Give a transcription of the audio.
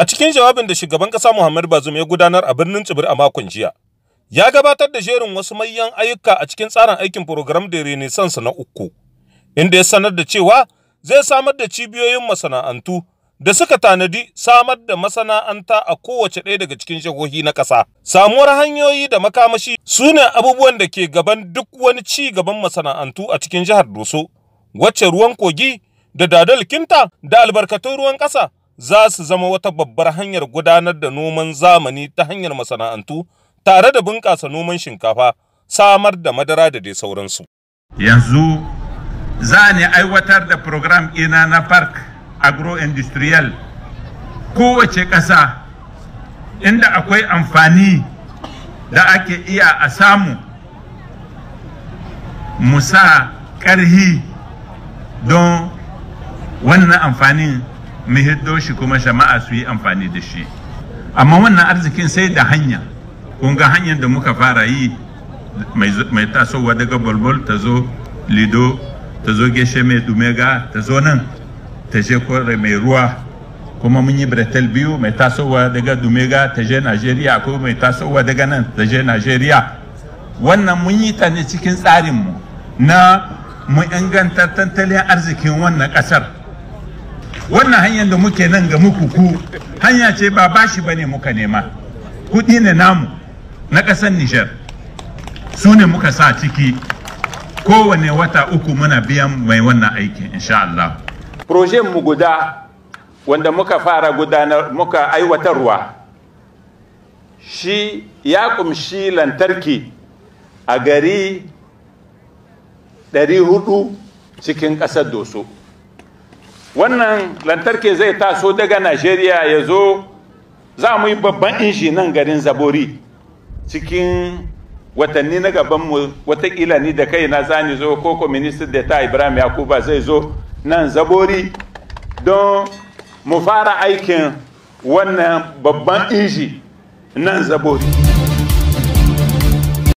A cikin jawabin da shugaban ƙasa Muhammad Bazoum ya gudanar a birnin Tsibir a makon jiya, ya gabatar da jerin wasu manyan ayyuka a cikin tsarin aikin program da Renaissance na uku, inda ya sanar da cewa zai samar da cibiyoyin masana'antu da suka tanadi samar da masana'anta a kowace ɗaya daga cikin jihohi na kasa. Samuwar hanyoyi da makamashi su ne abubuwan da ke gaban duk wani ci gaban masana'antu a cikin jihar Doso, wacce ruwan kogi da dadal kinta da albarkatun ruwan ƙasa za su zama wata babbar hanyar gudanar da noman zamani ta hanyar masana'antu tare da bunƙasa noman shinkafa, samar da madara da dai sauransu. Yanzu za ni aiwatar da program ina na park agro-industrial kowace ƙasa inda akwai amfani da ake iya a samu musa ƙarhi don wannan amfanin mu hiddo shi kuma jama'a su yi amfani da shi amma wannan arzikin sai da hanya kun ga hanyar da muka fara yi mai tasowa daga bulbul ta zo lido ta zo geshe mai dumega ta zo nan ta je kore mai ruwa kuma mun yi bretel biyu mai tasowa daga dumega ta je najeriya ko mai tasowa daga nan ta je najeriya wannan mun yi ta ne cikin tsarinmu na mu inganta tattalin arzikin wannan ƙasar wannan hanyar da muke nan ga muku ku hanya ce ba bashi bane muka nema kuɗi ne namu na ƙasar Nijar su ne muka sa ciki kowane wata uku muna biyan mai wannan aikin insha Allah. Projen mu guda wanda muka fara gudanar muka aiwatarwa shi ya kumshi lantarki a gari 400 cikin ƙasar doso. wannan lantarki zai taso daga najeriya ya zo za mu yi babban inji nan garin zabori cikin watanni na gabanmu watakila ni da kaina za ni zo koko ministan da ta ibrahim yakuba zai zo nan zabori don mu fara aikin wannan babban inji nan zabori